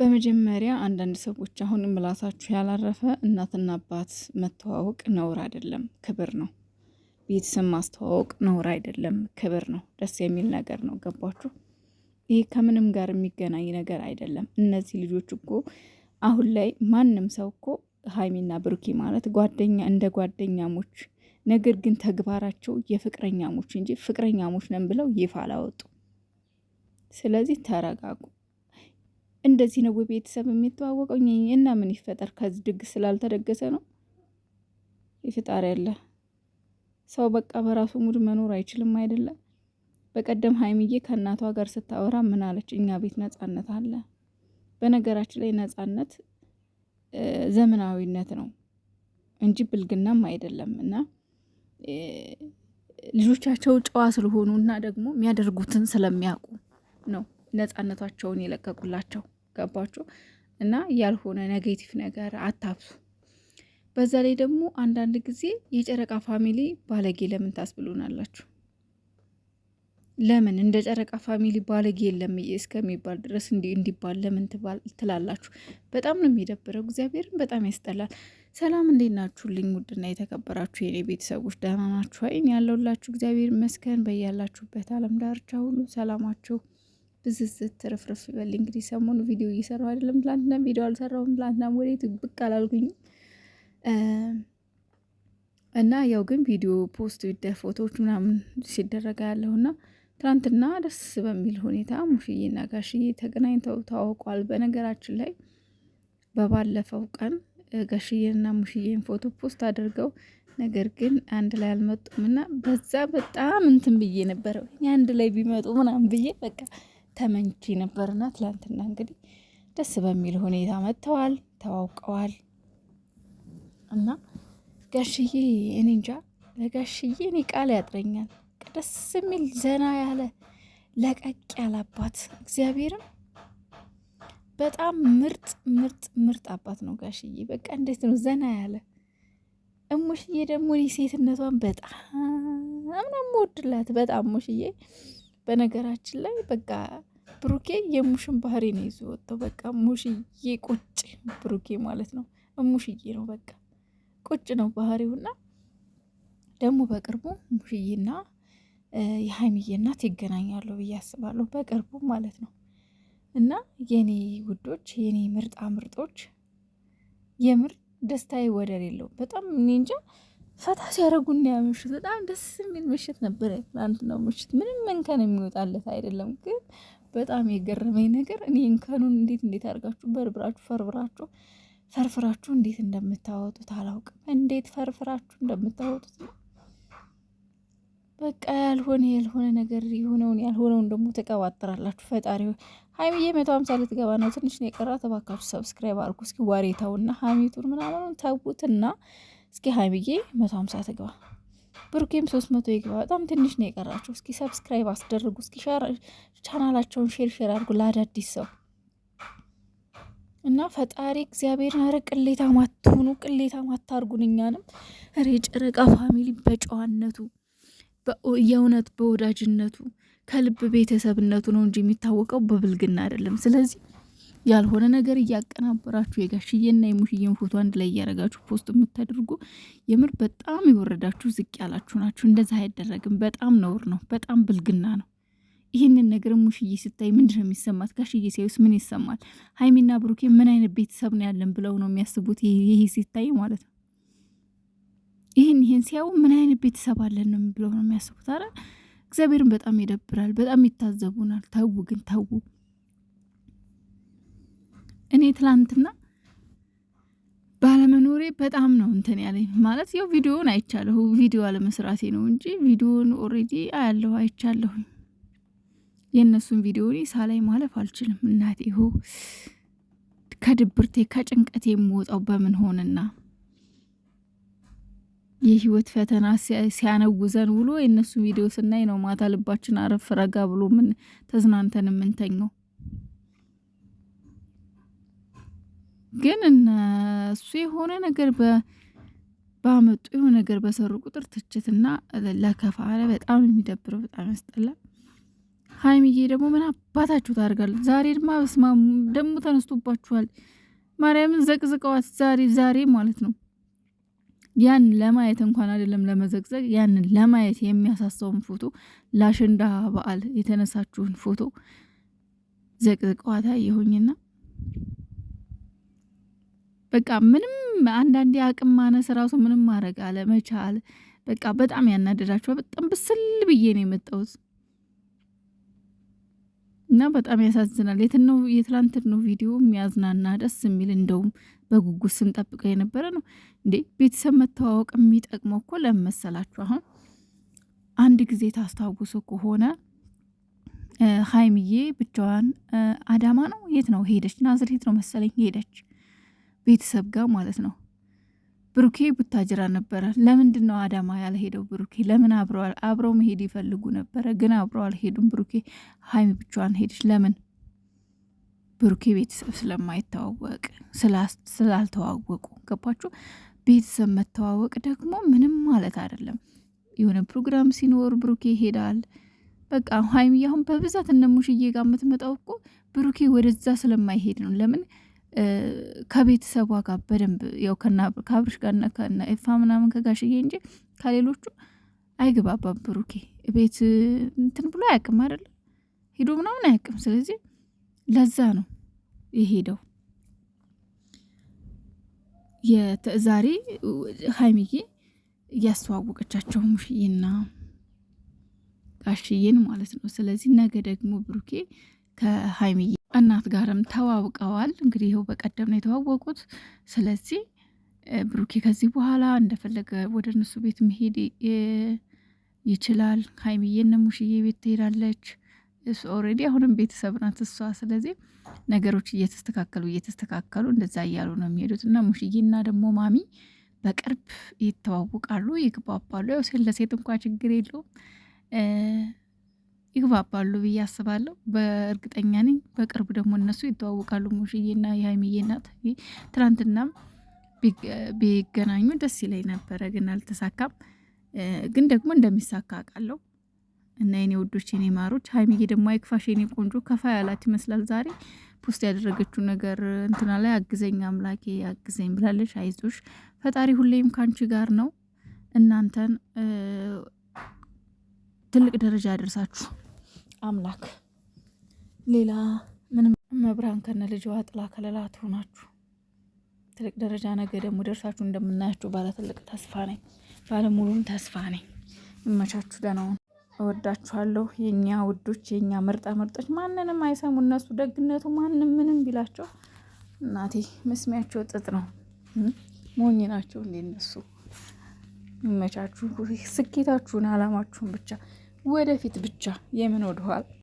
በመጀመሪያ አንዳንድ ሰዎች አሁንም ምላሳችሁ ያላረፈ እናትና አባት መተዋወቅ ነውር አይደለም፣ ክብር ነው። ቤተሰብ ማስተዋወቅ ነውር አይደለም፣ ክብር ነው። ደስ የሚል ነገር ነው። ገባችሁ? ይህ ከምንም ጋር የሚገናኝ ነገር አይደለም። እነዚህ ልጆች እኮ አሁን ላይ ማንም ሰው እኮ ሀይሚና ብሩኪ ማለት ጓደኛ እንደ ጓደኛሞች ነገር ግን ተግባራቸው የፍቅረኛሞች እንጂ ፍቅረኛሞች ነን ብለው ይፋ አላወጡ። ስለዚህ ተረጋጉ። እንደዚህ ነው ቤተሰብ የሚተዋወቀው እና ምን ይፈጠር ከዚህ ድግስ ስላልተደገሰ ነው። ይፍጣር ያለ ሰው በቃ በራሱ ሙድ መኖር አይችልም አይደለም። በቀደም ሀይምዬ ከእናቷ ጋር ስታወራ ምን አለች? እኛ ቤት ነጻነት አለ። በነገራችን ላይ ነጻነት ዘመናዊነት ነው እንጂ ብልግናም አይደለም። እና ልጆቻቸው ጨዋ ስለሆኑ እና ደግሞ የሚያደርጉትን ስለሚያውቁ ነው ነጻነታቸውን የለቀቁላቸው። ገባችሁ? እና ያልሆነ ኔጌቲቭ ነገር አታብሱ። በዛ ላይ ደግሞ አንዳንድ ጊዜ የጨረቃ ፋሚሊ ባለጌ ለምን ታስብሉናላችሁ? ለምን እንደ ጨረቃ ፋሚሊ ባለጌ የለም እስከሚባል ድረስ እንዲ እንዲባል ለምን ትላላችሁ? በጣም ነው የሚደብረው። እግዚአብሔርን በጣም ያስጠላል። ሰላም እንዴት ናችሁልኝ? ውድና የተከበራችሁ የኔ ቤተሰቦች ደህና ናችሁ? አይን ያለውላችሁ እግዚአብሔር ይመስገን። በያላችሁበት አለም ዳርቻ ሁሉ ሰላማችሁ ብዝዝት ትርፍርፍ ይበል። እንግዲህ ሰሞኑ ቪዲዮ እየሰራሁ አይደለም። ትላንትና ቪዲዮ አልሰራሁም። ትላንትና ወዴት ብቅ አላልኩኝ እና ያው ግን ቪዲዮ ፖስት ይደር ፎቶዎች ምናምን ሲደረጋ ያለሁና ትላንትና ደስ በሚል ሁኔታ ሙሽዬና ጋሽዬ ተገናኝተው ታወቋል በነገራችን ላይ በባለፈው ቀን ጋሽዬንና ሙሽዬን ፎቶ ፖስት አድርገው ነገር ግን አንድ ላይ አልመጡም እና በዛ በጣም እንትን ብዬ ነበረው አንድ ላይ ቢመጡ ምናምን ብዬ በቃ ተመኝቼ ነበርና ትላንትና እንግዲህ ደስ በሚል ሁኔታ መጥተዋል፣ ተዋውቀዋል እና ጋሽዬ እኔ እንጃ ለጋሽዬ እኔ ቃል ያጥረኛል። ደስ የሚል ዘና ያለ ለቀቅ ያለ አባት እግዚአብሔርም በጣም ምርጥ ምርጥ ምርጥ አባት ነው ጋሽዬ። በቃ እንዴት ነው ዘና ያለ እሙሽዬ ደግሞ እኔ ሴትነቷን በጣም ነው የምወድላት። በጣም ሙሽዬ በነገራችን ላይ በቃ ብሩኬ የሙሽን ባህሪ ነው ይዞ ወጥተው በቃ ሙሽዬ ቁጭ ብሩኬ ማለት ነው ሙሽዬ ነው በቃ ቁጭ ነው ባህሪውና ደግሞ በቅርቡ ሙሽዬና የሀይሚዬ እናት ይገናኛሉ ብዬ አስባለሁ፣ በቅርቡ ማለት ነው። እና የኔ ውዶች፣ የኔ ምርጣ ምርጦች፣ የምር ደስታዬ ወደር የለውም። በጣም እኔ እንጃ ፈታ ሲያደርጉና ያ ምሽት በጣም ደስ የሚል ምሽት ነበረ። ትናንትናው ምሽት ምንም እንከን የሚወጣለት አይደለም። ግን በጣም የገረመኝ ነገር እኔ እንከኑን እንዴት እንዴት አድርጋችሁ በርብራችሁ ፈርብራችሁ ፈርፍራችሁ እንዴት እንደምታወጡት አላውቅም። እንዴት ፈርፍራችሁ እንደምታወጡት ነው። በቃ ያልሆነ ያልሆነ ነገር የሆነውን ያልሆነውን ደግሞ ተቀባጥራላችሁ። ፈጣሪ ሀይሚዬ መቶ ሀምሳ ልትገባ ነው። ትንሽ ነው የቀራት። እባካችሁ ሰብስክራይብ አድርጉ። እስኪ ዋሬታውና ሀሚቱን ምናምኑን ተውትና እስኪ ሀይሚዬ መቶ ሀምሳ ትግባ ብሩኬም ሶስት መቶ ይግባ። በጣም ትንሽ ነው የቀራቸው። እስኪ ሰብስክራይብ አስደርጉ። እስኪ ቻናላቸውን ሼር ሼር አድርጉ ለአዳዲስ ሰው እና ፈጣሪ እግዚአብሔርን ኧረ ቅሌታ ማትሆኑ ቅሌታ አታርጉን። እኛንም ኧረ ፋሚሊ በጨዋነቱ የእውነት በወዳጅነቱ ከልብ ቤተሰብነቱ ነው እንጂ የሚታወቀው በብልግና አይደለም። ስለዚህ ያልሆነ ነገር እያቀናበራችሁ የጋሽዬና የሙሽዬን ፎቶ አንድ ላይ እያደረጋችሁ ፖስት የምታደርጉ የምር በጣም የወረዳችሁ ዝቅ ያላችሁ ናችሁ። እንደዛ አይደረግም። በጣም ነውር ነው። በጣም ብልግና ነው። ይህንን ነገር ሙሽዬ ስታይ ምንድን ነው የሚሰማት? ጋሽዬ ሲያዩስ ምን ይሰማል? ሀይሚና ብሩኬ ምን አይነት ቤተሰብ ነው ያለን ብለው ነው የሚያስቡት? ይሄ ሲታይ ማለት ነው ይህን ይህን ሲያዩ ምን አይነት ቤተሰብ አለን ብለው ነው የሚያስቡት? አረ እግዚአብሔርን በጣም ይደብራል። በጣም ይታዘቡናል። ተው ግን ተው። እኔ ትላንትና ባለመኖሬ በጣም ነው እንትን ያለኝ። ማለት ያው ቪዲዮን አይቻለሁ፣ ቪዲዮ አለመስራቴ ነው እንጂ ቪዲዮን ኦሬዲ አያለሁ፣ አይቻለሁኝ። የእነሱን ቪዲዮ እኔ ሳላይ ማለፍ አልችልም። እናቴ ሁ ከድብርቴ ከጭንቀቴ የምወጣው በምን ሆንና የህይወት ፈተና ሲያነውዘን ውሎ የእነሱ ቪዲዮ ስናይ ነው ማታ ልባችን አረፍ ረጋ ብሎ ምን ተዝናንተን የምንተኘው። ግን እሱ የሆነ ነገር ባመጡ የሆነ ነገር በሰሩ ቁጥር ትችትና ለከፋ በጣም የሚደብረው በጣም ያስጠላል። ሀይሚዬ ደግሞ ምን አባታችሁ ታደርጋለች? ዛሬ ድማ በስማሙ ደግሞ ተነስቶባችኋል። ማርያምን ዘቅዝቀዋት ዛሬ ዛሬ ማለት ነው። ያን ለማየት እንኳን አይደለም ለመዘግዘግ፣ ያንን ለማየት የሚያሳሰውን ፎቶ ለአሸንዳ በዓል የተነሳችሁን ፎቶ ዘቅዝቀዋታ የሆኝና። በቃ ምንም አንዳንዴ አቅም ማነስ ራሱ ምንም ማድረግ አለመቻል በቃ በጣም ያናደዳቸዋል። በጣም ብስል ብዬ ነው የመጣሁት እና በጣም ያሳዝናል። የትነው የትላንትናው ቪዲዮ የሚያዝናና ደስ የሚል እንደውም በጉጉት ስንጠብቀው የነበረ ነው። እንዴ ቤተሰብ መተዋወቅ የሚጠቅመው እኮ ለምን መሰላችሁ? አሁን አንድ ጊዜ ታስታውሱ ከሆነ ሀይምዬ ብቻዋን አዳማ ነው የት ነው ሄደች? ናዝሬት ነው መሰለኝ ሄደች ቤተሰብ ጋር ማለት ነው። ብሩኬ ቡታጅራ ነበረ። ለምንድን ነው አዳማ ያልሄደው? ብሩኬ ለምን አብረዋል? አብረው መሄድ ይፈልጉ ነበረ፣ ግን አብረው አልሄዱም። ብሩኬ ሀይሚ ብቻዋን ሄደች። ለምን? ብሩኬ ቤተሰብ ስለማይተዋወቅ ስላልተዋወቁ። ገባችሁ? ቤተሰብ መተዋወቅ ደግሞ ምንም ማለት አይደለም። የሆነ ፕሮግራም ሲኖር ብሩኬ ይሄዳል። በቃ ሀይሚ አሁን በብዛት እነ ሙሽዬ ጋር የምትመጣው እኮ ብሩኬ ወደዛ ስለማይሄድ ነው። ለምን ከቤተሰቧ ጋር በደንብ ያው ከአብርሽ ጋርና ከና ኤፋ ምናምን ከጋሽዬ እንጂ ከሌሎቹ አይግባባም። ብሩኬ ቤት እንትን ብሎ አያውቅም አይደለም ሄዶ ምናምን አያውቅም። ስለዚህ ለዛ ነው የሄደው። ዛሬ ሀይሚዬ እያስተዋወቀቻቸው ሙሽዬና ጋሽዬን ማለት ነው። ስለዚህ ነገ ደግሞ ብሩኬ ከሀይሚዬ እናት ጋርም ተዋውቀዋል። እንግዲህ ይኸው በቀደም ነው የተዋወቁት። ስለዚህ ብሩኬ ከዚህ በኋላ እንደፈለገ ወደ እነሱ ቤት መሄድ ይችላል። ሀይሚዬን ሙሽዬ ቤት ትሄዳለች። ኦልሬዲ አሁንም ቤተሰብ ናት እሷ። ስለዚህ ነገሮች እየተስተካከሉ እየተስተካከሉ እንደዛ እያሉ ነው የሚሄዱት እና ሙሽዬና ደግሞ ማሚ በቅርብ ይተዋውቃሉ፣ ይግባባሉ። ያው ሴት ለሴት እንኳ ችግር የለውም። ይግባባሉ ብዬ አስባለሁ። በእርግጠኛ ነኝ። በቅርብ ደግሞ እነሱ ይተዋወቃሉ። ሙሽዬና የሀይሚዬ እናት ትናንትናም ቢገናኙ ደስ ይለኝ ነበረ፣ ግን አልተሳካም። ግን ደግሞ እንደሚሳካ አውቃለሁ። እና የኔ ውዶች፣ የኔ ማሮች፣ ሀይሚዬ ደግሞ አይክፋሽ የኔ ቆንጆ። ከፋ ያላት ይመስላል ዛሬ ፖስት ያደረገችው ነገር እንትና ላይ አግዘኝ አምላኬ አግዘኝ ብላለች። አይዞሽ ፈጣሪ ሁሌም ካንቺ ጋር ነው። እናንተን ትልቅ ደረጃ ያደርሳችሁ። አምላክ ሌላ ምንም መብራን ከነ ልጅዋ ጥላ ከለላ ትሆናችሁ ትልቅ ደረጃ ነገ ደግሞ ደርሳችሁ እንደምናያችሁ ባለ ትልቅ ተስፋ ነኝ፣ ባለሙሉም ተስፋ ነኝ። ይመቻችሁ። ደናውን እወዳችኋለሁ። የእኛ ውዶች፣ የእኛ ምርጣ ምርጦች፣ ማንንም አይሰሙ እነሱ ደግነቱ ማንም ምንም ቢላቸው እናቴ መስሚያቸው ጥጥ ነው። ሞኝ ናቸው እንደ እነሱ። ይመቻችሁ። ስኬታችሁን አላማችሁን ብቻ ወደፊት ብቻ የምን